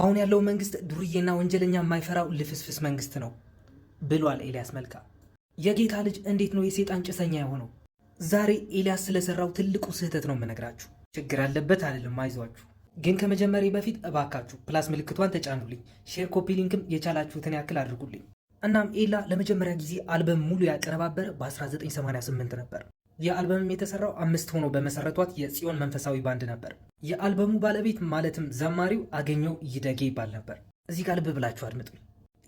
አሁን ያለው መንግስት ዱርዬና ወንጀለኛ የማይፈራው ልፍስፍስ መንግስት ነው ብሏል ኤልያስ መልካ። የጌታ ልጅ እንዴት ነው የሴጣን ጭሰኛ የሆነው? ዛሬ ኤልያስ ስለሰራው ትልቁ ስህተት ነው የምነግራችሁ። ችግር አለበት አልልም፣ አይዟችሁ። ግን ከመጀመሪያ በፊት እባካችሁ ፕላስ ምልክቷን ተጫኑልኝ፣ ሼር፣ ኮፒ ሊንክም የቻላችሁትን ያክል አድርጉልኝ። እናም ኤላ ለመጀመሪያ ጊዜ አልበም ሙሉ ያቀነባበረ በ1988 ነበር። የአልበምም የተሰራው አምስት ሆኖ በመሰረቷት የጽዮን መንፈሳዊ ባንድ ነበር። የአልበሙ ባለቤት ማለትም ዘማሪው አገኘው ይደጌ ይባል ነበር። እዚህ ጋር ልብ ብላችሁ አድምጡ።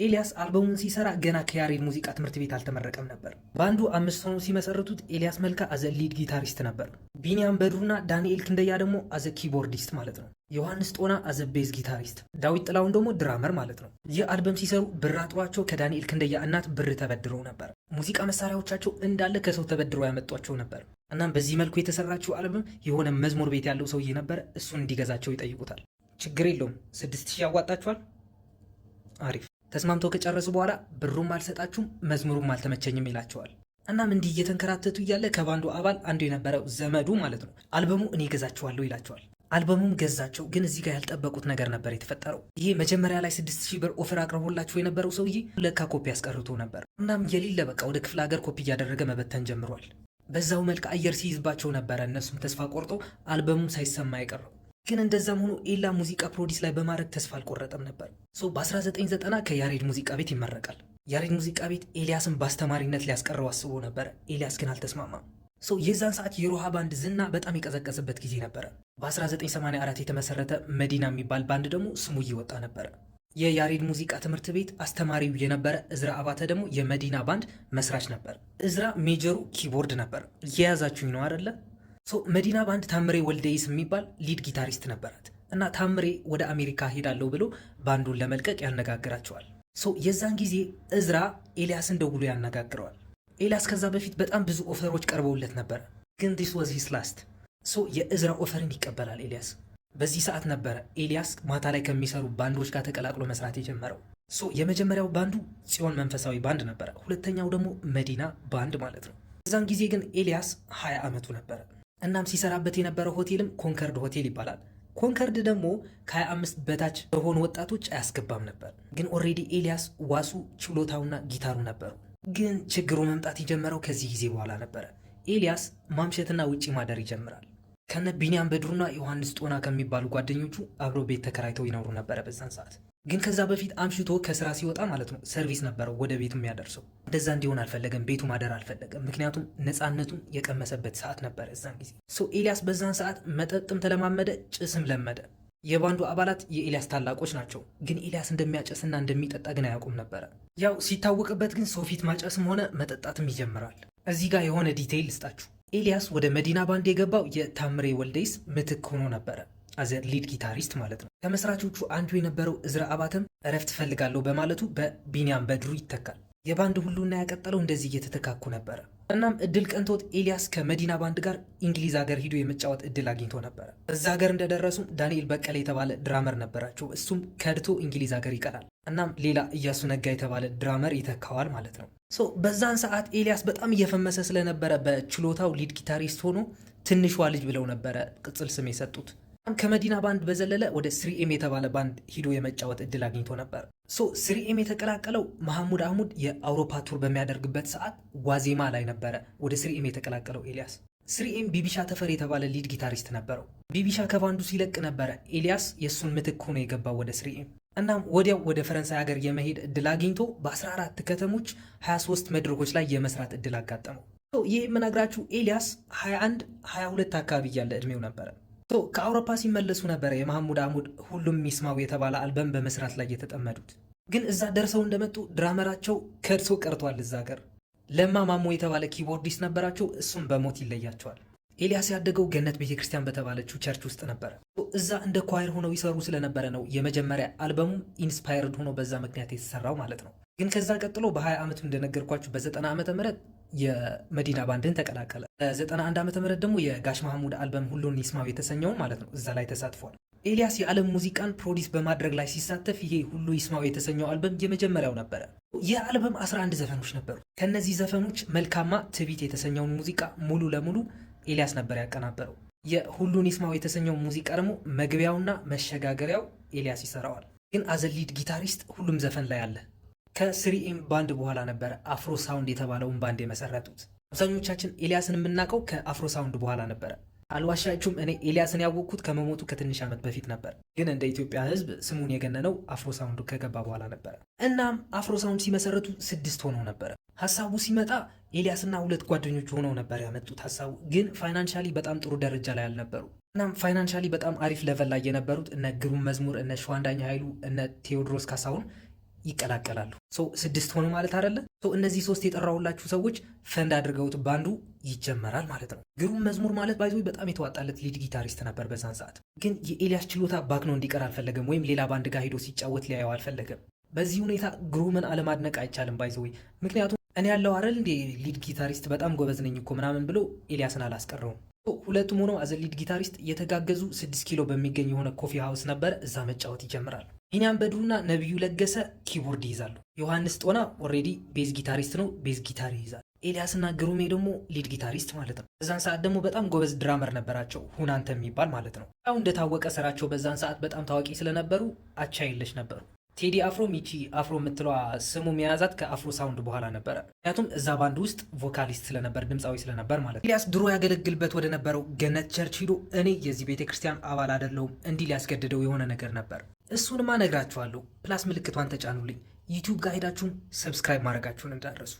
ኤልያስ አልበሙን ሲሰራ ገና ከያሬድ ሙዚቃ ትምህርት ቤት አልተመረቀም ነበር። ባንዱ አምስት ሆኖ ሲመሰርቱት ኤልያስ መልካ አዘ ሊድ ጊታሪስት ነበር። ቢኒያም በድሩና ዳንኤል ክንደያ ደግሞ አዘ ኪቦርዲስት ማለት ነው። ዮሐንስ ጦና አዘ ቤዝ ጊታሪስት፣ ዳዊት ጥላውን ደግሞ ድራመር ማለት ነው። ይህ አልበም ሲሰሩ ብር አጥሯቸው ከዳንኤል ክንደያ እናት ብር ተበድረው ነበር። ሙዚቃ መሳሪያዎቻቸው እንዳለ ከሰው ተበድረው ያመጧቸው ነበር። እናም በዚህ መልኩ የተሰራችው አልበም የሆነ መዝሙር ቤት ያለው ሰውዬ ነበር፣ እሱን እንዲገዛቸው ይጠይቁታል። ችግር የለውም ስድስት ሺህ ያዋጣችኋል። አሪፍ ተስማምተው ከጨረሱ በኋላ ብሩም አልሰጣችሁም መዝሙሩም አልተመቸኝም ይላቸዋል። እናም እንዲህ እየተንከራተቱ እያለ ከባንዱ አባል አንዱ የነበረው ዘመዱ ማለት ነው አልበሙ እኔ ገዛችኋለሁ ይላቸዋል። አልበሙም ገዛቸው። ግን እዚህ ጋር ያልጠበቁት ነገር ነበር የተፈጠረው። ይሄ መጀመሪያ ላይ ስድስት ሺህ ብር ኦፈር አቅርቦላቸው የነበረው ሰውዬ ለካ ኮፒ አስቀርቶ ነበር። እናም የሌለ በቃ ወደ ክፍለ ሀገር ኮፒ እያደረገ መበተን ጀምሯል። በዛው መልክ አየር ሲይዝባቸው ነበረ። እነሱም ተስፋ ቆርጦ አልበሙም ሳይሰማ አይቀረው። ግን እንደዛም ሆኖ ኤላ ሙዚቃ ፕሮዲስ ላይ በማድረግ ተስፋ አልቆረጠም ነበር። ሰው በ1990 ከያሬድ ሙዚቃ ቤት ይመረቃል። ያሬድ ሙዚቃ ቤት ኤልያስን በአስተማሪነት ሊያስቀረው አስቦ ነበረ። ኤልያስ ግን አልተስማማም። ሶ የዛን ሰዓት የሮሃ ባንድ ዝና በጣም የቀዘቀዘበት ጊዜ ነበረ። በ1984 የተመሰረተ መዲና የሚባል ባንድ ደግሞ ስሙ እየወጣ ነበረ። የያሬድ ሙዚቃ ትምህርት ቤት አስተማሪው የነበረ እዝራ አባተ ደግሞ የመዲና ባንድ መስራች ነበር። እዝራ ሜጀሩ ኪቦርድ ነበር። እየያዛችሁኝ ነው አደለ? መዲና ባንድ ታምሬ ወልደይስ የሚባል ሊድ ጊታሪስት ነበራት እና ታምሬ ወደ አሜሪካ ሄዳለሁ ብሎ ባንዱን ለመልቀቅ ያነጋግራቸዋል። የዛን ጊዜ እዝራ ኤልያስን ደውሎ ያነጋግረዋል። ኤልያስ ከዛ በፊት በጣም ብዙ ኦፈሮች ቀርበውለት ነበር፣ ግን ዲስ ዋዝ ሂስ ላስት የእዝራ ኦፈርን ይቀበላል ኤልያስ። በዚህ ሰዓት ነበረ ኤልያስ ማታ ላይ ከሚሰሩ ባንዶች ጋር ተቀላቅሎ መስራት የጀመረው። የመጀመሪያው ባንዱ ጽዮን መንፈሳዊ ባንድ ነበረ። ሁለተኛው ደግሞ መዲና ባንድ ማለት ነው። እዛን ጊዜ ግን ኤልያስ ሀያ ዓመቱ ነበረ። እናም ሲሰራበት የነበረው ሆቴልም ኮንከርድ ሆቴል ይባላል። ኮንከርድ ደግሞ ከ25 በታች በሆኑ ወጣቶች አያስገባም ነበር። ግን ኦሬዲ ኤልያስ ዋሱ ችሎታውና ጊታሩ ነበሩ። ግን ችግሩ መምጣት የጀመረው ከዚህ ጊዜ በኋላ ነበረ። ኤልያስ ማምሸትና ውጪ ማደር ይጀምራል። ከነ ቢንያም በድሩና ዮሐንስ ጦና ከሚባሉ ጓደኞቹ አብረው ቤት ተከራይተው ይኖሩ ነበረ በዛን ሰዓት። ግን ከዛ በፊት አምሽቶ ከስራ ሲወጣ ማለት ነው ሰርቪስ ነበረው ወደ ቤቱ የሚያደርሰው። እንደዛ እንዲሆን አልፈለገም፣ ቤቱ ማደር አልፈለገም። ምክንያቱም ነፃነቱን የቀመሰበት ሰዓት ነበረ እዛን ጊዜ። ሰው ኤልያስ በዛን ሰዓት መጠጥም ተለማመደ፣ ጭስም ለመደ። የባንዱ አባላት የኤልያስ ታላቆች ናቸው። ግን ኤልያስ እንደሚያጨስና እንደሚጠጣ ግን አያውቁም ነበረ። ያው ሲታወቅበት ግን ሰው ፊት ማጨስም ሆነ መጠጣትም ይጀምራል። እዚህ ጋር የሆነ ዲቴይል ልስጣችሁ። ኤልያስ ወደ መዲና ባንድ የገባው የታምሬ ወልደይስ ምትክ ሆኖ ነበረ። አዘ ሊድ ጊታሪስት ማለት ነው። ከመስራቾቹ አንዱ የነበረው እዝራ አባተም እረፍት እፈልጋለሁ በማለቱ በቢኒያም በድሩ ይተካል። የባንድ ሁሉና ያቀጠለው እንደዚህ እየተተካኩ ነበረ። እናም እድል ቀንቶት ኤልያስ ከመዲና ባንድ ጋር እንግሊዝ ሀገር ሂዶ የመጫወት እድል አግኝቶ ነበረ። እዛ ሀገር እንደደረሱም ዳንኤል በቀለ የተባለ ድራመር ነበራቸው። እሱም ከድቶ እንግሊዝ ሀገር ይቀራል። እናም ሌላ እያሱ ነጋ የተባለ ድራመር ይተካዋል ማለት ነው። ሶ በዛን ሰዓት ኤልያስ በጣም እየፈመሰ ስለነበረ በችሎታው ሊድ ጊታሪስት ሆኖ ትንሿ ልጅ ብለው ነበረ ቅጽል ስም የሰጡት። ከመዲና ባንድ በዘለለ ወደ ስሪኤም የተባለ ባንድ ሂዶ የመጫወት እድል አግኝቶ ነበር። ሶ ስሪኤም የተቀላቀለው መሐሙድ አህሙድ የአውሮፓ ቱር በሚያደርግበት ሰዓት ዋዜማ ላይ ነበረ ወደ ስሪኤም የተቀላቀለው ኤልያስ። ስሪኤም ቢቢሻ ተፈር የተባለ ሊድ ጊታሪስት ነበረው። ቢቢሻ ከባንዱ ሲለቅ ነበረ ኤልያስ የእሱን ምትክ ሆኖ የገባው ወደ ስሪኤም። እናም ወዲያው ወደ ፈረንሳይ ሀገር የመሄድ እድል አግኝቶ በ14 ከተሞች 23 መድረኮች ላይ የመስራት እድል አጋጠመው። ይህ የምነግራችሁ ኤልያስ 21 22 አካባቢ እያለ እድሜው ነበረ። ከአውሮፓ ሲመለሱ ነበረ የማሙድ አሙድ ሁሉም ሚስማው የተባለ አልበም በመስራት ላይ የተጠመዱት። ግን እዛ ደርሰው እንደመጡ ድራመራቸው ከድሶ ቀርቷል። እዛ ሀገር ለማ ማሞ የተባለ ኪቦርዲስት ነበራቸው። እሱም በሞት ይለያቸዋል። ኤልያስ ያደገው ገነት ቤተ ክርስቲያን በተባለችው ቸርች ውስጥ ነበረ። እዛ እንደ ኳየር ሆነው ይሰሩ ስለነበረ ነው የመጀመሪያ አልበሙ ኢንስፓየርድ ሆኖ በዛ ምክንያት የተሰራው ማለት ነው። ግን ከዛ ቀጥሎ በ20 ዓመቱ እንደነገርኳችሁ በ90 ዓመተ ምህረት የመዲና ባንድን ተቀላቀለ። በ91 ዓመተ ምህረት ደግሞ የጋሽ መሐሙድ አልበም ሁሉን ይስማው የተሰኘውን ማለት ነው እዛ ላይ ተሳትፏል። ኤልያስ የዓለም ሙዚቃን ፕሮዲስ በማድረግ ላይ ሲሳተፍ ይሄ ሁሉ ይስማው የተሰኘው አልበም የመጀመሪያው ነበረ። ይህ አልበም 11 ዘፈኖች ነበሩ። ከእነዚህ ዘፈኖች መልካማ ትቢት የተሰኘውን ሙዚቃ ሙሉ ለሙሉ ኤልያስ ነበር ያቀናበረው። የሁሉን ይስማው የተሰኘው ሙዚቃ ደግሞ መግቢያውና መሸጋገሪያው ኤልያስ ይሰራዋል። ግን አዘሊድ ጊታሪስት ሁሉም ዘፈን ላይ አለ። ከስሪኤም ባንድ በኋላ ነበረ አፍሮ ሳውንድ የተባለውን ባንድ የመሰረቱት። አብዛኞቻችን ኤልያስን የምናውቀው ከአፍሮ ሳውንድ በኋላ ነበረ። አልዋሻችሁም፣ እኔ ኤልያስን ያወቅኩት ከመሞቱ ከትንሽ ዓመት በፊት ነበር። ግን እንደ ኢትዮጵያ ሕዝብ ስሙን የገነነው አፍሮ ሳውንዱ ከገባ በኋላ ነበረ። እናም አፍሮ ሳውንድ ሲመሰረቱ ስድስት ሆነው ነበረ። ሀሳቡ ሲመጣ ኤልያስና ሁለት ጓደኞቹ ሆነው ነበር ያመጡት ሀሳቡ። ግን ፋይናንሻሊ በጣም ጥሩ ደረጃ ላይ አልነበሩ። እናም ፋይናንሻሊ በጣም አሪፍ ለቨል ላይ የነበሩት እነ ግሩም መዝሙር፣ እነ ሸዋንዳኛ ኃይሉ፣ እነ ቴዎድሮስ ካሳሁን ይቀላቀላሉ። ሰው ስድስት ሆኑ ማለት አደለ? እነዚህ ሶስት የጠራሁላችሁ ሰዎች ፈንድ አድርገውት ባንዱ ይጀመራል ማለት ነው። ግሩም መዝሙር ማለት ባይዞ በጣም የተዋጣለት ሊድ ጊታሪስት ነበር በዛን ሰዓት። ግን የኤልያስ ችሎታ ባክኖ እንዲቀር አልፈለገም፣ ወይም ሌላ ባንድ ጋር ሄዶ ሲጫወት ሊያየው አልፈለገም። በዚህ ሁኔታ ግሩምን አለማድነቅ አይቻልም ባይዘ ወይ ምክንያቱም እኔ ያለው አረል እንዴ ሊድ ጊታሪስት በጣም ጎበዝ ነኝ እኮ ምናምን ብሎ ኤልያስን አላስቀረውም። ሁለቱም ሆነው አዘ ሊድ ጊታሪስት የተጋገዙ ስድስት ኪሎ በሚገኝ የሆነ ኮፊ ሀውስ ነበረ። እዛ መጫወት ይጀምራል። ቢኒያም በዱና ነቢዩ ለገሰ ኪቦርድ ይይዛሉ። ዮሐንስ ጦና ኦሬዲ ቤዝ ጊታሪስት ነው፣ ቤዝ ጊታር ይይዛል። ኤልያስና ግሩሜ ደግሞ ሊድ ጊታሪስት ማለት ነው። በዛን ሰዓት ደግሞ በጣም ጎበዝ ድራመር ነበራቸው፣ ሁናንተ የሚባል ማለት ነው። ያው እንደታወቀ ስራቸው በዛን ሰዓት በጣም ታዋቂ ስለነበሩ አቻ የለሽ ነበሩ። ቴዲ አፍሮ ሚቺ አፍሮ የምትለዋ ስሙ መያዛት ከአፍሮ ሳውንድ በኋላ ነበረ። ምክንያቱም እዛ ባንድ ውስጥ ቮካሊስት ስለነበር ድምፃዊ ስለነበር ማለት ነው። ኤልያስ ድሮ ያገለግልበት ወደ ነበረው ገነት ቸርች ሂዶ እኔ የዚህ ቤተክርስቲያን አባል አደለውም እንዲህ ሊያስገድደው የሆነ ነገር ነበር። እሱንማ እነግራችኋለሁ። ፕላስ ምልክቷን ተጫኑልኝ። ዩቲዩብ ጋር ሄዳችሁም ሰብስክራይብ ማድረጋችሁን እንዳትረሱ።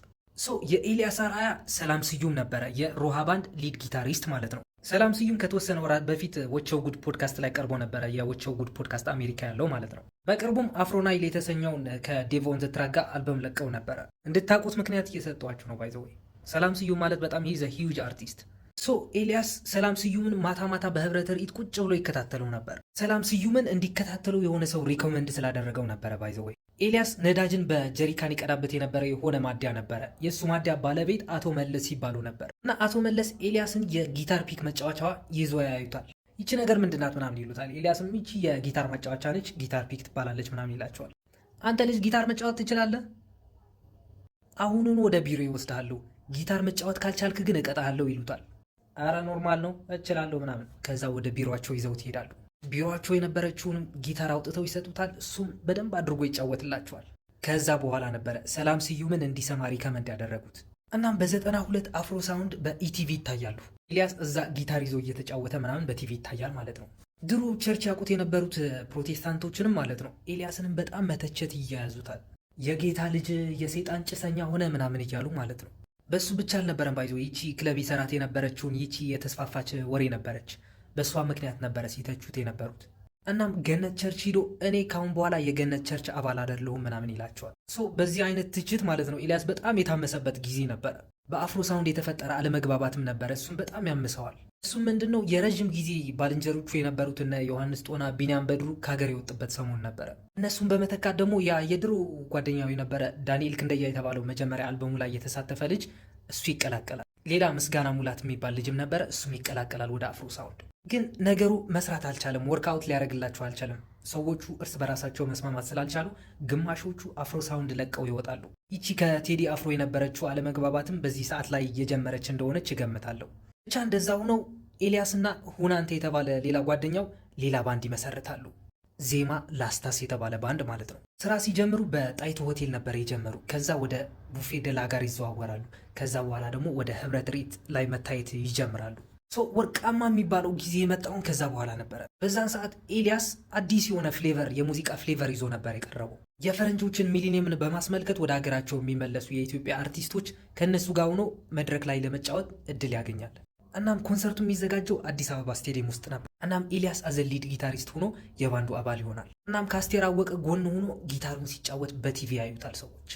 ሶ የኤልያስ አርአያ ሰላም ስዩም ነበረ፣ የሮሃ ባንድ ሊድ ጊታሪስት ማለት ነው። ሰላም ስዩም ከተወሰነ ወራት በፊት ወቸው ጉድ ፖድካስት ላይ ቀርቦ ነበረ። የወቸው ጉድ ፖድካስት አሜሪካ ያለው ማለት ነው። በቅርቡም አፍሮናይል የተሰኘውን ከዴቮን ዘትራጋ አልበም ለቀው ነበረ። እንድታውቁት ምክንያት እየሰጠዋችሁ ነው። ባይዘወይ ሰላም ስዩም ማለት በጣም ሂዝ ሂውጅ አርቲስት ሶ ኤልያስ ሰላም ስዩምን ማታ ማታ በህብረት ርኢት ቁጭ ብሎ ይከታተለው ነበር። ሰላም ስዩምን እንዲከታተለው የሆነ ሰው ሪኮመንድ ስላደረገው ነበረ። ባይዘወይ ኤልያስ ነዳጅን በጀሪካን ይቀዳበት የነበረ የሆነ ማዲያ ነበረ። የእሱ ማዲያ ባለቤት አቶ መለስ ይባሉ ነበር እና አቶ መለስ ኤልያስን የጊታር ፒክ መጫወቻዋ ይዞ ያዩታል። ይቺ ነገር ምንድናት ምናምን ይሉታል። ኤልያስም ይቺ የጊታር መጫወቻ ነች፣ ጊታር ፒክ ትባላለች ምናምን ይላቸዋል። አንተ ልጅ ጊታር መጫወት ትችላለህ? አሁኑን ወደ ቢሮ ይወስድሃለሁ። ጊታር መጫወት ካልቻልክ ግን እቀጣሃለሁ ይሉታል። አረ ኖርማል ነው እችላለሁ ምናምን። ከዛ ወደ ቢሮቸው ይዘውት ይሄዳሉ። ቢሮቸው የነበረችውንም ጊታር አውጥተው ይሰጡታል። እሱም በደንብ አድርጎ ይጫወትላቸዋል። ከዛ በኋላ ነበረ ሰላም ስዩምን እንዲሰማ ሪከመንድ ያደረጉት። እናም በዘጠና ሁለት አፍሮ ሳውንድ በኢቲቪ ይታያሉ። ኤልያስ እዛ ጊታር ይዞ እየተጫወተ ምናምን በቲቪ ይታያል ማለት ነው። ድሮ ቸርች ያውቁት የነበሩት ፕሮቴስታንቶችንም ማለት ነው ኤልያስንም በጣም መተቸት እያያዙታል። የጌታ ልጅ የሴጣን ጭሰኛ ሆነ ምናምን እያሉ ማለት ነው። በሱ ብቻ አልነበረም ባይዞ ይቺ ክለብ ይሰራት የነበረችውን ይቺ የተስፋፋች ወሬ ነበረች። በእሷ ምክንያት ነበረ ሲተቹት የነበሩት። እናም ገነት ቸርች ሂዶ እኔ ካሁን በኋላ የገነት ቸርች አባል አደለሁም ምናምን ይላቸዋል። ሶ በዚህ አይነት ትችት ማለት ነው ኤልያስ በጣም የታመሰበት ጊዜ ነበረ። በአፍሮ ሳውንድ የተፈጠረ አለመግባባትም ነበረ። እሱም በጣም ያምሰዋል። እሱም ምንድነው የረዥም ጊዜ ባልንጀሮቹ የነበሩትን ዮሐንስ ጦና፣ ቢንያም በድሩ ከሀገር የወጡበት ሰሞን ነበረ። እነሱን በመተካት ደግሞ ያ የድሮ ጓደኛው የነበረ ዳንኤል ክንደያ የተባለው መጀመሪያ አልበሙ ላይ የተሳተፈ ልጅ እሱ ይቀላቀላል። ሌላ ምስጋና ሙላት የሚባል ልጅም ነበረ፣ እሱም ይቀላቀላል ወደ አፍሮ ሳውንድ። ግን ነገሩ መስራት አልቻለም፣ ወርክአውት ሊያደርግላቸው አልቻለም። ሰዎቹ እርስ በራሳቸው መስማማት ስላልቻሉ ግማሾቹ አፍሮ ሳውንድ ለቀው ይወጣሉ። ይቺ ከቴዲ አፍሮ የነበረችው አለመግባባትም በዚህ ሰዓት ላይ እየጀመረች እንደሆነች ይገምታለሁ። ብቻ እንደዛ ሆነው ኤልያስና ሁናንተ የተባለ ሌላ ጓደኛው ሌላ ባንድ ይመሰርታሉ። ዜማ ላስታስ የተባለ ባንድ ማለት ነው። ስራ ሲጀምሩ በጣይቱ ሆቴል ነበር የጀመሩ። ከዛ ወደ ቡፌ ደላ ጋር ይዘዋወራሉ። ከዛ በኋላ ደግሞ ወደ ህብረት ሬት ላይ መታየት ይጀምራሉ። ወርቃማ የሚባለው ጊዜ የመጣውን ከዛ በኋላ ነበረ። በዛን ሰዓት ኤልያስ አዲስ የሆነ ፍሌቨር የሙዚቃ ፍሌቨር ይዞ ነበር የቀረበው። የፈረንጆችን ሚሊኒየምን በማስመልከት ወደ ሀገራቸው የሚመለሱ የኢትዮጵያ አርቲስቶች ከእነሱ ጋር ሆኖ መድረክ ላይ ለመጫወት እድል ያገኛል። እናም ኮንሰርቱ የሚዘጋጀው አዲስ አበባ ስቴዲየም ውስጥ ነበር። እናም ኤልያስ አዘሊድ ጊታሪስት ሆኖ የባንዱ አባል ይሆናል። እናም ከአስቴር አወቀ ጎን ሆኖ ጊታሩን ሲጫወት በቲቪ ያዩታል ሰዎች።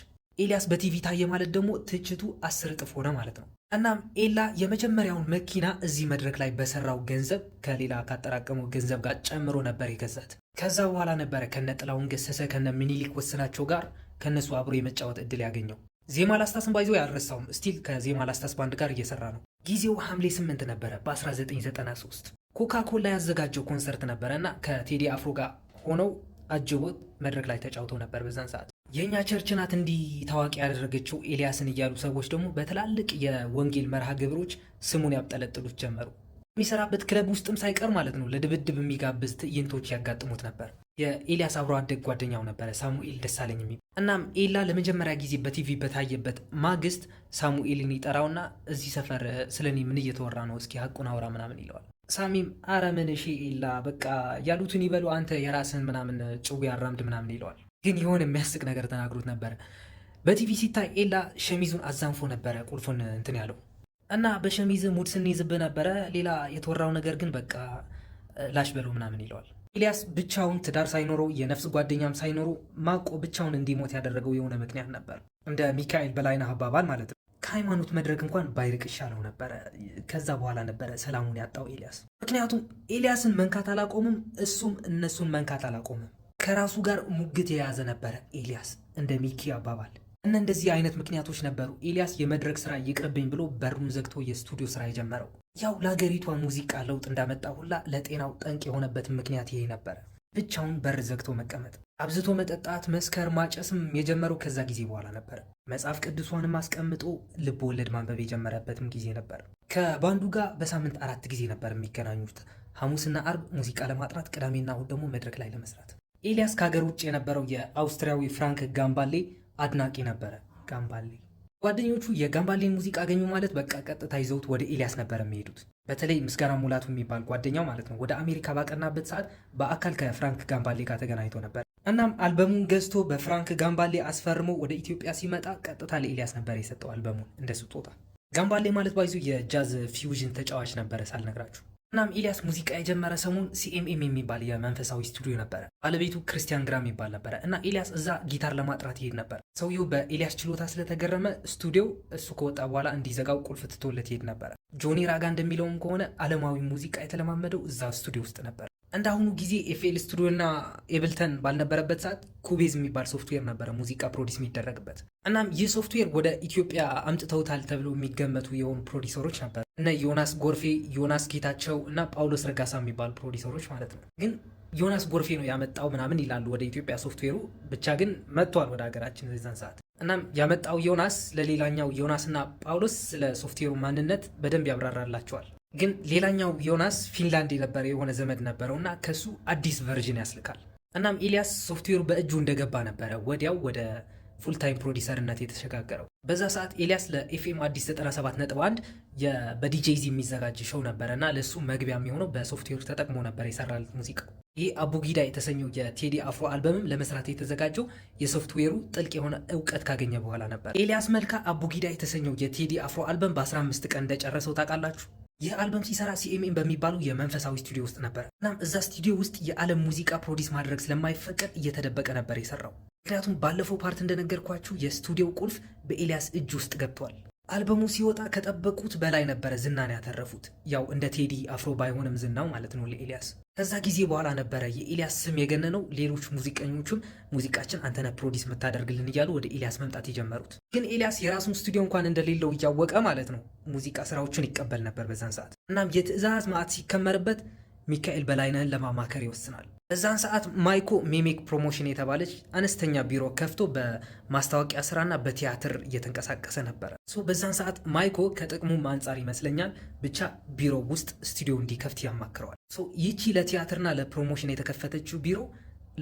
ኤልያስ በቲቪ ታየ ማለት ደግሞ ትችቱ አስር እጥፍ ሆነ ማለት ነው። እናም ኤላ የመጀመሪያውን መኪና እዚህ መድረክ ላይ በሰራው ገንዘብ ከሌላ ካጠራቀመው ገንዘብ ጋር ጨምሮ ነበር የገዛት። ከዛ በኋላ ነበረ ከነ ጥላውን ገሰሰ ከነ ሚኒሊክ ወስናቸው ጋር ከነሱ አብሮ የመጫወት እድል ያገኘው። ዜማ ላስታስን ባይዞ ያልረሳውም ስቲል ከዜማ ላስታስ ባንድ ጋር እየሰራ ነው። ጊዜው ሐምሌ 8 ነበረ በ1993 ኮካኮላ ያዘጋጀው ኮንሰርት ነበረ እና ከቴዲ አፍሮ ጋር ሆነው አጅቦት መድረክ ላይ ተጫውተው ነበር። በዛን ሰዓት የእኛ ቸርች ናት እንዲህ ታዋቂ ያደረገችው ኤልያስን እያሉ ሰዎች ደግሞ በትላልቅ የወንጌል መርሃ ግብሮች ስሙን ያብጠለጥሉት ጀመሩ። የሚሰራበት ክለብ ውስጥም ሳይቀር ማለት ነው ለድብድብ የሚጋብዝ ትዕይንቶች ያጋጥሙት ነበር። የኤልያስ አብሮ አደግ ጓደኛው ነበረ ሳሙኤል ደሳለኝ የሚ እናም ኤላ ለመጀመሪያ ጊዜ በቲቪ በታየበት ማግስት ሳሙኤልን ይጠራውና እዚህ ሰፈር ስለ እኔ ምን እየተወራ ነው? እስኪ ሀቁን አውራ ምናምን ይለዋል። ሳሚም አረምን እሺ ኤላ በቃ ያሉትን ይበሉ አንተ የራስህን ምናምን ጭው ያራምድ ምናምን ይለዋል። ግን የሆነ የሚያስቅ ነገር ተናግሮት ነበረ። በቲቪ ሲታይ ኤላ ሸሚዙን አዛንፎ ነበረ ቁልፉን እንትን ያለው እና በሸሚዝ ሙድ ስንይዝብህ ነበረ። ሌላ የተወራው ነገር ግን በቃ ላሽ በለው ምናምን ይለዋል። ኤልያስ ብቻውን ትዳር ሳይኖረው የነፍስ ጓደኛም ሳይኖረው ማቆ ብቻውን እንዲሞት ያደረገው የሆነ ምክንያት ነበር። እንደ ሚካኤል በላይነህ አባባል ማለት ነው። ከሃይማኖት መድረክ እንኳን ባይርቅ ይሻለው ነበረ። ከዛ በኋላ ነበረ ሰላሙን ያጣው ኤልያስ። ምክንያቱም ኤልያስን መንካት አላቆምም፣ እሱም እነሱን መንካት አላቆምም። ከራሱ ጋር ሙግት የያዘ ነበረ ኤልያስ እንደ ሚኪ አባባል እና እንደዚህ አይነት ምክንያቶች ነበሩ ኤልያስ የመድረክ ስራ ይቅርብኝ ብሎ በሩን ዘግቶ የስቱዲዮ ስራ የጀመረው። ያው ለሀገሪቷ ሙዚቃ ለውጥ እንዳመጣ ሁላ ለጤናው ጠንቅ የሆነበትን ምክንያት ይሄ ነበረ። ብቻውን በር ዘግቶ መቀመጥ፣ አብዝቶ መጠጣት፣ መስከር፣ ማጨስም የጀመረው ከዛ ጊዜ በኋላ ነበር መጽሐፍ ቅዱሷንም አስቀምጦ ልብ ወለድ ማንበብ የጀመረበትም ጊዜ ነበር። ከባንዱ ጋር በሳምንት አራት ጊዜ ነበር የሚገናኙት፣ ሐሙስና አርብ ሙዚቃ ለማጥራት፣ ቅዳሜና እሁድ ደግሞ መድረክ ላይ ለመስራት። ኤልያስ ከሀገር ውጭ የነበረው የአውስትሪያዊ ፍራንክ ጋምባሌ አድናቂ ነበረ ጋምባሌ። ጓደኞቹ የጋምባሌን ሙዚቃ አገኙ ማለት በቃ ቀጥታ ይዘውት ወደ ኤልያስ ነበር የሚሄዱት። በተለይ ምስጋና ሙላቱ የሚባል ጓደኛው ማለት ነው ወደ አሜሪካ ባቀናበት ሰዓት በአካል ከፍራንክ ጋምባሌ ጋር ተገናኝቶ ነበር። እናም አልበሙን ገዝቶ በፍራንክ ጋምባሌ አስፈርሞ ወደ ኢትዮጵያ ሲመጣ ቀጥታ ለኤልያስ ነበር የሰጠው አልበሙን እንደ ስጦታ። ጋምባሌ ማለት ባይዙ የጃዝ ፊውዥን ተጫዋች ነበረ ሳልነግራችሁ እናም ኤልያስ ሙዚቃ የጀመረ ሰሞን ሲኤምኤም የሚባል የመንፈሳዊ ስቱዲዮ ነበረ። ባለቤቱ ክርስቲያን ግራም ይባል ነበረ እና ኤልያስ እዛ ጊታር ለማጥራት ይሄድ ነበር። ሰውየው በኤልያስ ችሎታ ስለተገረመ ስቱዲዮ እሱ ከወጣ በኋላ እንዲዘጋው ቁልፍ ትቶለት ይሄድ ነበረ። ጆኒ ራጋ እንደሚለውም ከሆነ አለማዊ ሙዚቃ የተለማመደው እዛ ስቱዲዮ ውስጥ ነበር። እንደ አሁኑ ጊዜ ኤፍኤል ስቱዲዮ እና ኤብልተን ባልነበረበት ሰዓት ኩቤዝ የሚባል ሶፍትዌር ነበረ ሙዚቃ ፕሮዲስ የሚደረግበት። እናም ይህ ሶፍትዌር ወደ ኢትዮጵያ አምጥተውታል ተብሎ የሚገመቱ የሆኑ ፕሮዲሰሮች ነበር እነ ዮናስ ጎርፌ፣ ዮናስ ጌታቸው እና ጳውሎስ ረጋሳ የሚባሉ ፕሮዲሰሮች ማለት ነው። ግን ዮናስ ጎርፌ ነው ያመጣው ምናምን ይላሉ ወደ ኢትዮጵያ ሶፍትዌሩ ብቻ ግን መጥቷል ወደ ሀገራችን በዛን ሰዓት። እናም ያመጣው ዮናስ ለሌላኛው ዮናስና ጳውሎስ ስለ ሶፍትዌሩ ማንነት በደንብ ያብራራላቸዋል። ግን ሌላኛው ዮናስ ፊንላንድ የነበረ የሆነ ዘመድ ነበረው እና ከሱ አዲስ ቨርዥን ያስልካል። እናም ኤልያስ ሶፍትዌሩ በእጁ እንደገባ ነበረ ወዲያው ወደ ፉልታይም ፕሮዲሰርነት የተሸጋገረው። በዛ ሰዓት ኤልያስ ለኤፍኤም አዲስ 97.1 በዲጄዚ የሚዘጋጅ ሸው ነበረ እና ለእሱ መግቢያ የሚሆነው በሶፍትዌር ተጠቅሞ ነበረ የሰራለት ሙዚቃው። ይህ አቡጊዳ የተሰኘው የቴዲ አፍሮ አልበምም ለመስራት የተዘጋጀው የሶፍትዌሩ ጥልቅ የሆነ እውቀት ካገኘ በኋላ ነበር። ኤልያስ መልካ አቡጊዳ የተሰኘው የቴዲ አፍሮ አልበም በ15 ቀን እንደጨረሰው ታውቃላችሁ። ይህ አልበም ሲሰራ ሲኤምኤም በሚባለው የመንፈሳዊ ስቱዲዮ ውስጥ ነበር። እናም እዛ ስቱዲዮ ውስጥ የዓለም ሙዚቃ ፕሮዲስ ማድረግ ስለማይፈቀድ እየተደበቀ ነበር የሰራው። ምክንያቱም ባለፈው ፓርት እንደነገርኳችሁ የስቱዲዮ ቁልፍ በኤልያስ እጅ ውስጥ ገብቷል። አልበሙ ሲወጣ ከጠበቁት በላይ ነበረ ዝናን ያተረፉት። ያው እንደ ቴዲ አፍሮ ባይሆንም ዝናው ማለት ነው ለኤልያስ። ከዛ ጊዜ በኋላ ነበረ የኤልያስ ስም የገነነው። ሌሎች ሙዚቀኞቹም ሙዚቃችን አንተነ ፕሮዲስ የምታደርግልን እያሉ ወደ ኤልያስ መምጣት የጀመሩት። ግን ኤልያስ የራሱን ስቱዲዮ እንኳን እንደሌለው እያወቀ ማለት ነው ሙዚቃ ስራዎችን ይቀበል ነበር በዛን ሰዓት። እናም የትዕዛዝ ማዕት ሲከመርበት ሚካኤል በላይነህን ለማማከር ይወስናል። በዛን ሰዓት ማይኮ ሚሚክ ፕሮሞሽን የተባለች አነስተኛ ቢሮ ከፍቶ በማስታወቂያ ስራና በቲያትር እየተንቀሳቀሰ ነበረ። በዛን ሰዓት ማይኮ ከጥቅሙም አንጻር ይመስለኛል ብቻ ቢሮ ውስጥ ስቱዲዮ እንዲከፍት ያማክረዋል። ይቺ ለቲያትርና ለፕሮሞሽን የተከፈተችው ቢሮ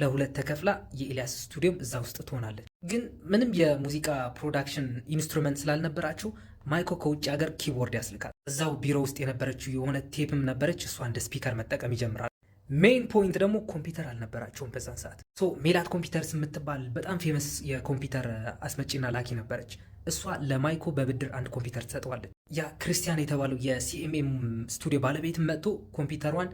ለሁለት ተከፍላ የኤልያስ ስቱዲዮም እዛ ውስጥ ትሆናለች። ግን ምንም የሙዚቃ ፕሮዳክሽን ኢንስትሩመንት ስላልነበራቸው ማይኮ ከውጭ ሀገር ኪቦርድ ያስልካል። እዛው ቢሮ ውስጥ የነበረችው የሆነ ቴፕም ነበረች። እሷ እንደ ስፒከር መጠቀም ይጀምራል። ሜይን ፖይንት ደግሞ ኮምፒውተር አልነበራቸውም በዛን ሰዓት። ሶ ሜላት ኮምፒውተርስ የምትባል በጣም ፌመስ የኮምፒውተር አስመጪና ላኪ ነበረች። እሷ ለማይኮ በብድር አንድ ኮምፒውተር ትሰጠዋለች። ያ ክርስቲያን የተባለው የሲኤምኤም ስቱዲዮ ባለቤት መጥቶ ኮምፒውተሯን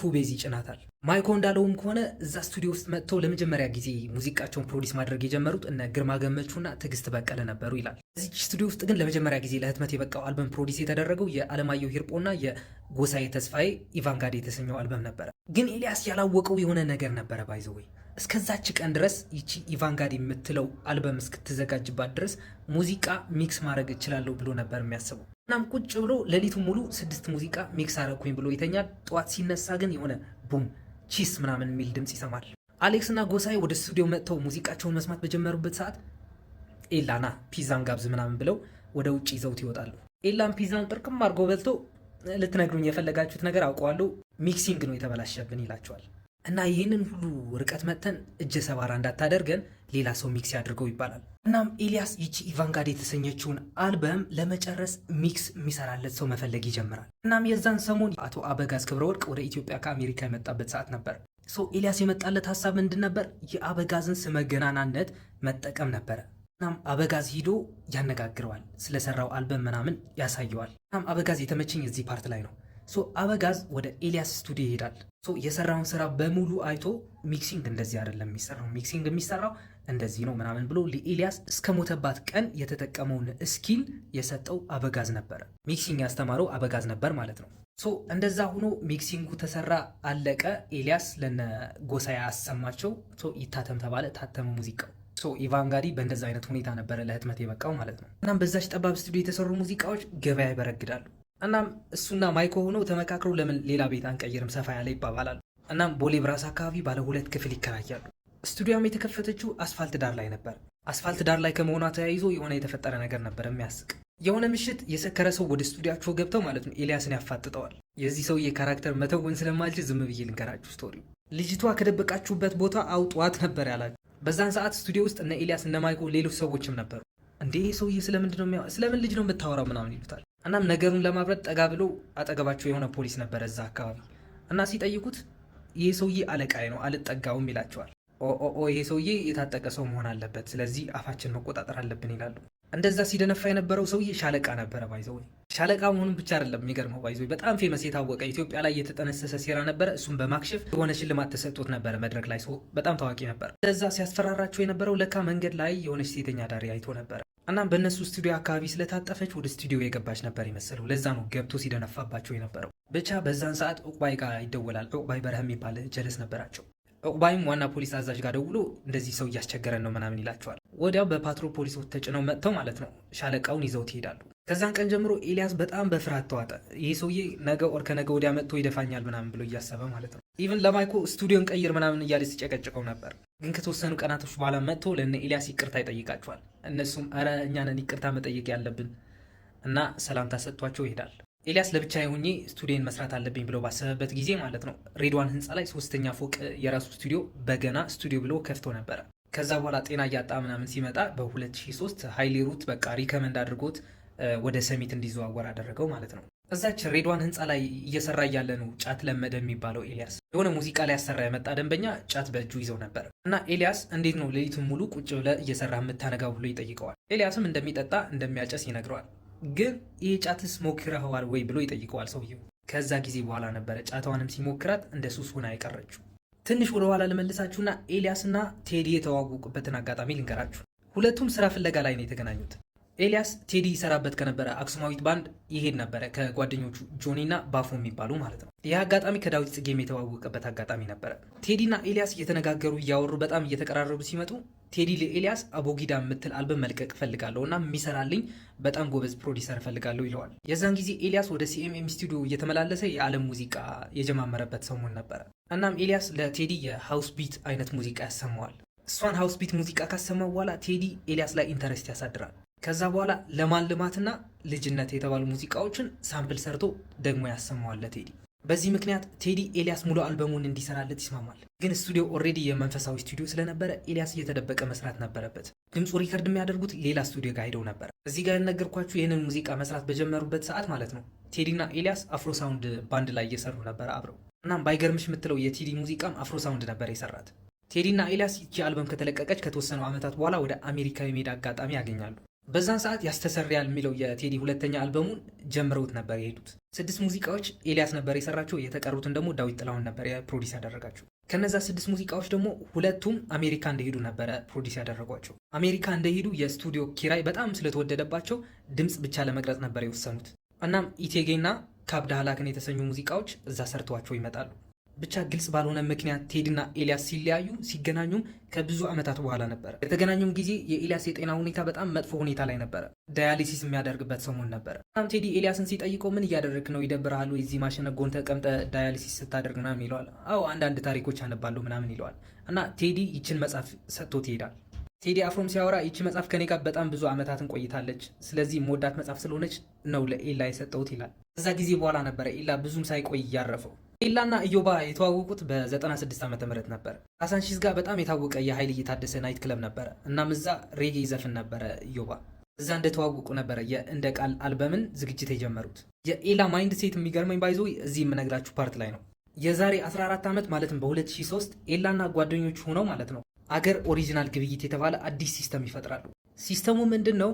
ኩቤዝ ይጭናታል። ማይኮ እንዳለውም ከሆነ እዛ ስቱዲዮ ውስጥ መጥተው ለመጀመሪያ ጊዜ ሙዚቃቸውን ፕሮዲስ ማድረግ የጀመሩት እነ ግርማ ገመቹና ትዕግስት በቀለ ነበሩ ይላል። እዚች ስቱዲዮ ውስጥ ግን ለመጀመሪያ ጊዜ ለህትመት የበቃው አልበም ፕሮዲስ የተደረገው የአለማየሁ ሂርጶና የጎሳዬ ተስፋዬ ኢቫንጋድ የተሰኘው አልበም ነበረ። ግን ኤልያስ ያላወቀው የሆነ ነገር ነበረ ባይዘወይ እስከዛች ቀን ድረስ ይቺ ኢቫንጋድ የምትለው አልበም እስክትዘጋጅባት ድረስ ሙዚቃ ሚክስ ማድረግ እችላለሁ ብሎ ነበር የሚያስበው። እናም ቁጭ ብሎ ሌሊቱን ሙሉ ስድስት ሙዚቃ ሚክስ አረኩኝ ብሎ ይተኛል። ጠዋት ሲነሳ ግን የሆነ ቡም ቺስ ምናምን የሚል ድምፅ ይሰማል። አሌክስ እና ጎሳዬ ወደ ስቱዲዮ መጥተው ሙዚቃቸውን መስማት በጀመሩበት ሰዓት ኤላና ፒዛን ጋብዝ ምናምን ብለው ወደ ውጭ ይዘውት ይወጣሉ። ኤላን ፒዛን ጥርቅም አድርጎ በልቶ ልትነግሩኝ የፈለጋችሁት ነገር አውቀዋለሁ፣ ሚክሲንግ ነው የተበላሸብን ይላቸዋል። እና ይህንን ሁሉ ርቀት መጥተን እጀ ሰባራ እንዳታደርገን ሌላ ሰው ሚክስ ያድርገው ይባላል። እናም ኤልያስ ይቺ ኢቫንጋርድ የተሰኘችውን አልበም ለመጨረስ ሚክስ የሚሰራለት ሰው መፈለግ ይጀምራል። እናም የዛን ሰሞን አቶ አበጋዝ ክብረ ወርቅ ወደ ኢትዮጵያ ከአሜሪካ የመጣበት ሰዓት ነበር። ሶ ኤልያስ የመጣለት ሀሳብ ምንድን ነበር? የአበጋዝን ስመገናናነት መጠቀም ነበረ። እናም አበጋዝ ሂዶ ያነጋግረዋል፣ ስለሰራው አልበም ምናምን ያሳየዋል። እናም አበጋዝ የተመቸኝ እዚህ ፓርት ላይ ነው አበጋዝ ወደ ኤልያስ ስቱዲዮ ይሄዳል። የሰራውን ስራ በሙሉ አይቶ ሚክሲንግ እንደዚህ አይደለም የሚሰራው፣ ሚክሲንግ የሚሰራው እንደዚህ ነው ምናምን ብሎ ለኤልያስ እስከ ሞተባት ቀን የተጠቀመውን ስኪል የሰጠው አበጋዝ ነበረ። ሚክሲንግ ያስተማረው አበጋዝ ነበር ማለት ነው። ሶ እንደዛ ሆኖ ሚክሲንጉ ተሰራ፣ አለቀ። ኤልያስ ለነ ጎሳዬ አሰማቸው። ሶ ይታተም ተባለ፣ ታተመ ሙዚቃው። ሶ ኢቫንጋዲ በእንደዛ አይነት ሁኔታ ነበረ ለህትመት የበቃው ማለት ነው። እናም በዛች ጠባብ ስቱዲዮ የተሰሩ ሙዚቃዎች ገበያ ይበረግዳሉ። እናም እሱና ማይኮ ሆነው ተመካክረው ለምን ሌላ ቤት አንቀይርም ሰፋ ያለ ይባባላሉ። እናም ቦሌ ብራስ አካባቢ ባለ ሁለት ክፍል ይከራያሉ። ስቱዲዮም የተከፈተችው አስፋልት ዳር ላይ ነበር። አስፋልት ዳር ላይ ከመሆኗ ተያይዞ የሆነ የተፈጠረ ነገር ነበር የሚያስቅ። የሆነ ምሽት የሰከረ ሰው ወደ ስቱዲያቸው ገብተው ማለት ነው ኤልያስን ያፋጥጠዋል። የዚህ ሰውዬ ካራክተር መተወን ስለማልችል ዝም ብዬ ልንገራችሁ ስቶሪ። ልጅቷ ከደበቃችሁበት ቦታ አውጧት ነበር ያላችሁ። በዛን ሰዓት ስቱዲዮ ውስጥ እነ ኤልያስ እነ ማይኮ ሌሎች ሰዎችም ነበሩ። እንዴ ሰውዬ ስለምንድነው ስለምን ልጅ ነው የምታወራው ምናምን ይሉታል። እናም ነገሩን ለማብረድ ጠጋ ብሎ አጠገባቸው የሆነ ፖሊስ ነበረ እዛ አካባቢ እና ሲጠይቁት ይሄ ሰውዬ አለቃዬ ነው አልጠጋውም ይላቸዋል። ኦ ይሄ ሰውዬ የታጠቀ ሰው መሆን አለበት፣ ስለዚህ አፋችን መቆጣጠር አለብን ይላሉ። እንደዛ ሲደነፋ የነበረው ሰውዬ ሻለቃ ነበረ። ባይዘው ሻለቃ መሆኑን ብቻ አይደለም የሚገርመው፣ ባይዘ በጣም ፌመስ የታወቀ ኢትዮጵያ ላይ የተጠነሰሰ ሴራ ነበረ። እሱም በማክሸፍ የሆነ ሽልማት ተሰጥቶት ነበረ መድረክ ላይ ሰው በጣም ታዋቂ ነበር። እንደዛ ሲያስፈራራቸው የነበረው ለካ መንገድ ላይ የሆነች ሴተኛ ዳሪ አይቶ ነበረ። እናም በእነሱ ስቱዲዮ አካባቢ ስለታጠፈች ወደ ስቱዲዮ የገባች ነበር የመሰለው። ለዛ ነው ገብቶ ሲደነፋባቸው የነበረው። ብቻ በዛን ሰዓት ዕቁባይ ጋር ይደወላል። ዕቁባይ በረህ የሚባል ጀለስ ነበራቸው። ዑቅባይም ዋና ፖሊስ አዛዥ ጋር ደውሎ እንደዚህ ሰው እያስቸገረን ነው ምናምን ይላቸዋል። ወዲያው በፓትሮል ፖሊሶች ተጭነው መጥተው ማለት ነው ሻለቃውን ይዘውት ይሄዳሉ። ከዛን ቀን ጀምሮ ኤልያስ በጣም በፍርሃት ተዋጠ። ይህ ሰውዬ ነገ ወር ከነገ ወዲያ መጥቶ ይደፋኛል ምናምን ብሎ እያሰበ ማለት ነው። ኢቨን ለማይኮ ስቱዲዮን ቀይር ምናምን እያለ ሲጨቀጭቀው ነበር። ግን ከተወሰኑ ቀናቶች በኋላ መጥቶ ለነ ኤልያስ ይቅርታ ይጠይቃቸዋል። እነሱም ኧረ እኛንን ይቅርታ መጠየቅ ያለብን እና ሰላምታ ሰጥቷቸው ይሄዳል። ኤልያስ ለብቻ ሆኜ ስቱዲዮን መስራት አለብኝ ብሎ ባሰበበት ጊዜ ማለት ነው ሬድዋን ህንፃ ላይ ሶስተኛ ፎቅ የራሱ ስቱዲዮ በገና ስቱዲዮ ብሎ ከፍቶ ነበረ። ከዛ በኋላ ጤና እያጣ ምናምን ሲመጣ በ2003 ሀይሌ ሩት በቃ ሪከመንድ አድርጎት ወደ ሰሚት እንዲዘዋወር አደረገው ማለት ነው። እዛች ሬድዋን ህንፃ ላይ እየሰራ እያለ ነው ጫት ለመደ የሚባለው ኤልያስ። የሆነ ሙዚቃ ላይ ያሰራ የመጣ ደንበኛ ጫት በእጁ ይዘው ነበር እና ኤልያስ እንዴት ነው ሌሊቱን ሙሉ ቁጭ ብለ እየሰራ የምታነጋው ብሎ ይጠይቀዋል። ኤልያስም እንደሚጠጣ እንደሚያጨስ ይነግረዋል። ግን ይህ ጫትስ ሞክረኸዋል ወይ ብሎ ይጠይቀዋል ሰውየው። ከዛ ጊዜ በኋላ ነበረ ጫታዋንም ሲሞክራት እንደ ሱስ ሆና የቀረችው። ትንሽ ወደ ኋላ ልመልሳችሁና ኤልያስና ቴዲ የተዋወቁበትን አጋጣሚ ልንገራችሁ። ሁለቱም ስራ ፍለጋ ላይ ነው የተገናኙት። ኤልያስ ቴዲ ይሰራበት ከነበረ አክሱማዊት ባንድ ይሄድ ነበረ ከጓደኞቹ ጆኒ ባፎ የሚባሉ ማለት ነው። ይህ አጋጣሚ ከዳዊት ጽጌም የተዋወቀበት አጋጣሚ ነበረ። ቴዲና ኤልያስ እየተነጋገሩ እያወሩ በጣም እየተቀራረቡ ሲመጡ ቴዲ ለኤልያስ አቦጊዳ የምትል አልበም መልቀቅ እፈልጋለሁ እና የሚሰራልኝ በጣም ጎበዝ ፕሮዲሰር እፈልጋለሁ ይለዋል። የዛን ጊዜ ኤልያስ ወደ ሲኤምኤም ስቱዲዮ እየተመላለሰ የዓለም ሙዚቃ የጀማመረበት ሰሞን ነበረ። እናም ኤልያስ ለቴዲ የሃውስ ቢት አይነት ሙዚቃ ያሰማዋል። እሷን ሃውስ ቢት ሙዚቃ ካሰማው በኋላ ቴዲ ኤልያስ ላይ ኢንተረስት ያሳድራል። ከዛ በኋላ ለማልማትና ልጅነት የተባሉ ሙዚቃዎችን ሳምፕል ሰርቶ ደግሞ ያሰማዋል ለቴዲ በዚህ ምክንያት ቴዲ ኤልያስ ሙሉ አልበሙን እንዲሰራለት ይስማማል። ግን ስቱዲዮ ኦልሬዲ የመንፈሳዊ ስቱዲዮ ስለነበረ ኤልያስ እየተደበቀ መስራት ነበረበት። ድምፁ ሪከርድ የሚያደርጉት ሌላ ስቱዲዮ ጋር ሄደው ነበር። እዚህ ጋር ያነገርኳችሁ ይህንን ሙዚቃ መስራት በጀመሩበት ሰዓት ማለት ነው። ቴዲና ኤልያስ አፍሮ ሳውንድ ባንድ ላይ እየሰሩ ነበር አብረው። እናም ባይገርምሽ የምትለው የቴዲ ሙዚቃም አፍሮ ሳውንድ ነበር የሰራት። ቴዲና ኤልያስ ይቺ አልበም ከተለቀቀች ከተወሰኑ ዓመታት በኋላ ወደ አሜሪካ የመሄድ አጋጣሚ ያገኛሉ። በዛን ሰዓት ያስተሰርያል የሚለው የቴዲ ሁለተኛ አልበሙን ጀምረውት ነበር የሄዱት። ስድስት ሙዚቃዎች ኤልያስ ነበር የሰራቸው፣ የተቀሩትን ደግሞ ዳዊት ጥላሁን ነበር ፕሮዲስ ያደረጋቸው። ከነዛ ስድስት ሙዚቃዎች ደግሞ ሁለቱም አሜሪካ እንደሄዱ ነበረ ፕሮዲስ ያደረጓቸው። አሜሪካ እንደሄዱ የስቱዲዮ ኪራይ በጣም ስለተወደደባቸው ድምፅ ብቻ ለመቅረጽ ነበር የወሰኑት። እናም ኢቴጌና ካብዳሃላክን የተሰኙ ሙዚቃዎች እዛ ሰርተዋቸው ይመጣሉ። ብቻ ግልጽ ባልሆነ ምክንያት ቴዲና ኤልያስ ሲለያዩ ሲገናኙም ከብዙ ዓመታት በኋላ ነበረ። የተገናኙም ጊዜ የኤልያስ የጤና ሁኔታ በጣም መጥፎ ሁኔታ ላይ ነበረ። ዳያሊሲስ የሚያደርግበት ሰሞን ነበረ። በጣም ቴዲ ኤልያስን ሲጠይቀው ምን እያደረግ ነው? ይደብርሃል? እዚህ ማሽነ ጎን ተቀምጠ ዳያሊሲስ ስታደርግ ምናምን ይለዋል። አዎ አንዳንድ ታሪኮች አነባለሁ ምናምን ይለዋል እና ቴዲ ይችን መጽሐፍ ሰጥቶት ይሄዳል። ቴዲ አፍሮም ሲያወራ ይቺ መጽሐፍ ከኔ ጋር በጣም ብዙ ዓመታትን ቆይታለች፣ ስለዚህ መወዳት መጽሐፍ ስለሆነች ነው ለኤላ የሰጠሁት ይላል። ከዛ ጊዜ በኋላ ነበረ ኤላ ብዙም ሳይቆይ እያረፈው ኤላና ኢዮባ የተዋወቁት በ96 ዓ ም ነበር። ከሳንቺዝ ጋር በጣም የታወቀ የኃይል እየታደሰ ናይት ክለብ ነበረ። እናም እዛ ሬጌ ይዘፍን ነበረ ኢዮባ። እዛ እንደተዋወቁ ነበረ የእንደ ቃል አልበምን ዝግጅት የጀመሩት። የኤላ ማይንድ ሴት የሚገርመኝ ባይዞ እዚህ የምነግራችሁ ፓርት ላይ ነው። የዛሬ 14 ዓመት ማለትም በ2003 ኤላና ጓደኞቹ ሆነው ማለት ነው አገር ኦሪጂናል ግብይት የተባለ አዲስ ሲስተም ይፈጥራሉ። ሲስተሙ ምንድን ነው?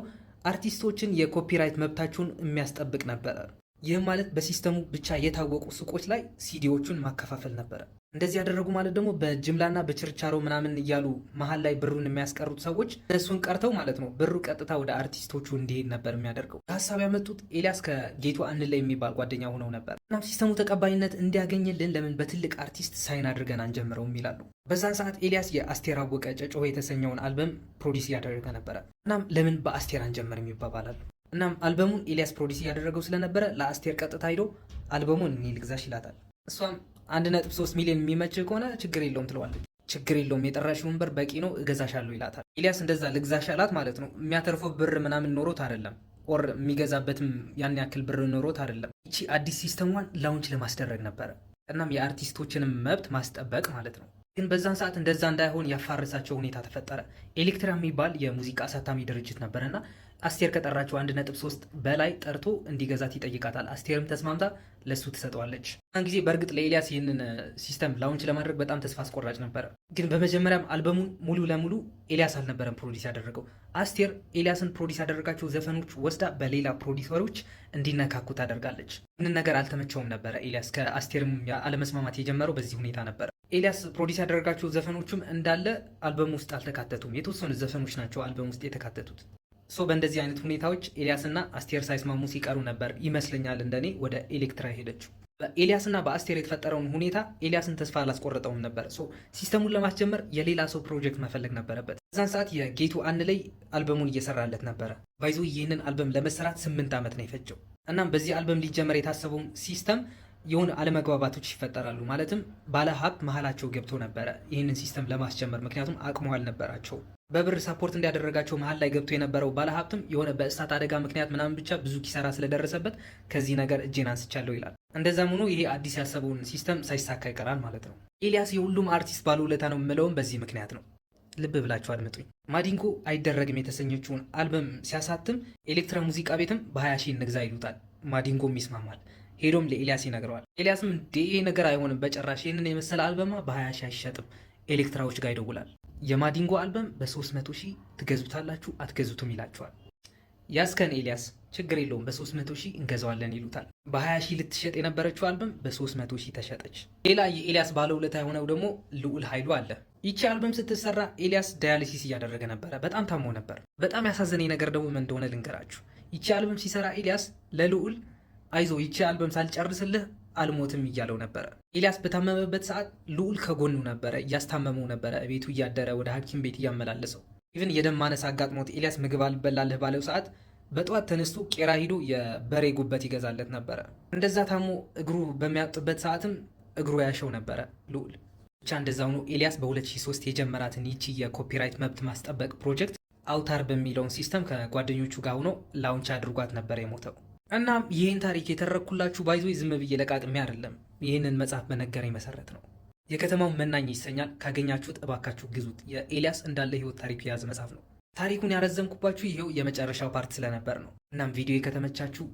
አርቲስቶችን የኮፒራይት መብታችሁን የሚያስጠብቅ ነበረ። ይህም ማለት በሲስተሙ ብቻ የታወቁ ሱቆች ላይ ሲዲዎቹን ማከፋፈል ነበረ። እንደዚህ ያደረጉ ማለት ደግሞ በጅምላና በችርቻሮ ምናምን እያሉ መሀል ላይ ብሩን የሚያስቀሩት ሰዎች እነሱን ቀርተው ማለት ነው ብሩ ቀጥታ ወደ አርቲስቶቹ እንዲሄድ ነበር የሚያደርገው። ከሀሳብ ያመጡት ኤልያስ ከጌቱ አንድ ላይ የሚባል ጓደኛ ሆነው ነበር። እናም ሲስተሙ ተቀባይነት እንዲያገኝልን ለምን በትልቅ አርቲስት ሳይን አድርገን አንጀምረውም ይላሉ። በዛን ሰዓት ኤልያስ የአስቴር አወቀ ጨጮሆ የተሰኘውን አልበም ፕሮዲስ እያደረገ ነበረ። እናም ለምን በአስቴር አንጀምርም ይባባላል። እናም አልበሙን ኤልያስ ፕሮዲስ እያደረገው ስለነበረ ለአስቴር ቀጥታ ሂዶ አልበሙን እኔ ልግዛሽ ይላታል። እሷም አንድ ነጥብ ሶስት ሚሊዮን የሚመች ከሆነ ችግር የለውም ትለዋለች። ችግር የለውም የጠራሽ ወንበር በቂ ነው እገዛሻለሁ ይላታል። ኤልያስ እንደዛ ልግዛሽ አላት ማለት ነው። የሚያተርፈው ብር ምናምን ኖሮት አይደለም ኦር የሚገዛበትም ያን ያክል ብር ኖሮት አይደለም። ይቺ አዲስ ሲስተሟን ላውንች ለማስደረግ ነበረ። እናም የአርቲስቶችንም መብት ማስጠበቅ ማለት ነው። ግን በዛን ሰዓት እንደዛ እንዳይሆን ያፋረሳቸው ሁኔታ ተፈጠረ። ኤሌክትራ የሚባል የሙዚቃ አሳታሚ ድርጅት ነበረና አስቴር ከጠራቸው አንድ ነጥብ ሶስት በላይ ጠርቶ እንዲገዛት ይጠይቃታል። አስቴርም ተስማምታ ለሱ ትሰጠዋለች። ያን ጊዜ በእርግጥ ለኤልያስ ይህንን ሲስተም ላውንች ለማድረግ በጣም ተስፋ አስቆራጭ ነበረ። ግን በመጀመሪያም አልበሙን ሙሉ ለሙሉ ኤልያስ አልነበረም ፕሮዲስ ያደረገው። አስቴር ኤልያስን ፕሮዲስ ያደረጋቸው ዘፈኖች ወስዳ በሌላ ፕሮዲሰሮች እንዲነካኩ ታደርጋለች። ይህንን ነገር አልተመቸውም ነበረ ኤልያስ። ከአስቴርም አለመስማማት የጀመረው በዚህ ሁኔታ ነበረ። ኤልያስ ፕሮዲስ ያደረጋቸው ዘፈኖቹም እንዳለ አልበም ውስጥ አልተካተቱም። የተወሰኑ ዘፈኖች ናቸው አልበም ውስጥ የተካተቱት። ሶ በእንደዚህ አይነት ሁኔታዎች ኤልያስና አስቴር ሳይስማሙ ሲቀሩ ነበር ይመስለኛል እንደኔ ወደ ኤሌክትራ ሄደችው። በኤልያስና በአስቴር የተፈጠረውን ሁኔታ ኤልያስን ተስፋ አላስቆረጠውም ነበር። ሶ ሲስተሙን ለማስጀመር የሌላ ሰው ፕሮጀክት መፈለግ ነበረበት። በዛን ሰዓት የጌቱ አንድ ላይ አልበሙን እየሰራለት ነበረ። ባይዞ ይህንን አልበም ለመሰራት ስምንት ዓመት ነው የፈጀው። እናም በዚህ አልበም ሊጀመር የታሰበውን ሲስተም የሆነ አለመግባባቶች ይፈጠራሉ። ማለትም ባለሀብት መሀላቸው ገብቶ ነበረ ይህንን ሲስተም ለማስጀመር ምክንያቱም አቅሙ አልነበራቸው። በብር ሰፖርት እንዲያደረጋቸው መሀል ላይ ገብቶ የነበረው ባለሀብትም የሆነ በእሳት አደጋ ምክንያት ምናምን ብቻ ብዙ ኪሳራ ስለደረሰበት ከዚህ ነገር እጄን አንስቻለሁ ይላል። እንደዛም ሆኖ ይሄ አዲስ ያሰበውን ሲስተም ሳይሳካ ይቀራል ማለት ነው። ኤልያስ የሁሉም አርቲስት ባለውለታ ነው የምለውም በዚህ ምክንያት ነው። ልብ ብላችሁ አድምጡኝ። ማዲንጎ አይደረግም የተሰኘችውን አልበም ሲያሳትም ኤሌክትራ ሙዚቃ ቤትም በ20 ሺህ እንግዛ ይሉታል። ማዲንጎም ይስማማል። ሄዶም ለኤልያስ ይነግረዋል። ኤልያስም እንዴ ይሄ ነገር አይሆንም በጭራሽ ይህንን የመሰለ አልበማ በሀያ ሺህ አይሸጥም፣ ኤሌክትራዎች ጋር ይደውላል። የማዲንጎ አልበም በ300 ሺህ ትገዙታላችሁ አትገዙትም ይላቸዋል። ያስከን ኤልያስ ችግር የለውም በ300 ሺህ እንገዛዋለን ይሉታል። በ20 ሺህ ልትሸጥ የነበረችው አልበም በ300 ሺህ ተሸጠች። ሌላ የኤልያስ ባለውለታ የሆነው ደግሞ ልዑል ኃይሉ አለ። ይቺ አልበም ስትሰራ ኤልያስ ዳያሊሲስ እያደረገ ነበረ። በጣም ታሞ ነበር። በጣም ያሳዘነኝ ነገር ደግሞ ምን እንደሆነ ልንገራችሁ። ይቺ አልበም ሲሰራ ኤልያስ ለልዑል አይዞ ይቺ አልበም ሳልጨርስልህ አልሞትም እያለው ነበረ። ኤልያስ በታመመበት ሰዓት ልዑል ከጎኑ ነበረ፣ እያስታመመው ነበረ፣ ቤቱ እያደረ ወደ ሐኪም ቤት እያመላለሰው። ኢቨን የደም ማነስ አጋጥሞት ኤልያስ ምግብ አልበላልህ ባለው ሰዓት በጠዋት ተነስቶ ቄራ ሂዶ የበሬ ጉበት ይገዛለት ነበረ። እንደዛ ታሞ እግሩ በሚያጡበት ሰዓትም እግሩ ያሸው ነበረ ልዑል። ብቻ እንደዛ ሆኖ ኤልያስ በ2003 የጀመራትን ይቺ የኮፒራይት መብት ማስጠበቅ ፕሮጀክት አውታር በሚለውን ሲስተም ከጓደኞቹ ጋር ሆኖ ላውንች አድርጓት ነበር የሞተው። እናም ይህን ታሪክ የተረኩላችሁ ባይዞ ዝም ብዬ ለቃቅሜ አይደለም። ይህንን መጽሐፍ በነገረኝ መሰረት ነው። የከተማው መናኝ ይሰኛል። ካገኛችሁት እባካችሁ ግዙት። የኤልያስ እንዳለ ህይወት ታሪክ የያዘ መጽሐፍ ነው። ታሪኩን ያረዘምኩባችሁ ይኸው የመጨረሻው ፓርት ስለነበር ነው። እናም ቪዲዮ ከተመቻችሁ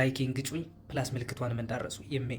ላይኪንግ ጩኝ ፕላስ ምልክቷንም እንዳረሱ የሜ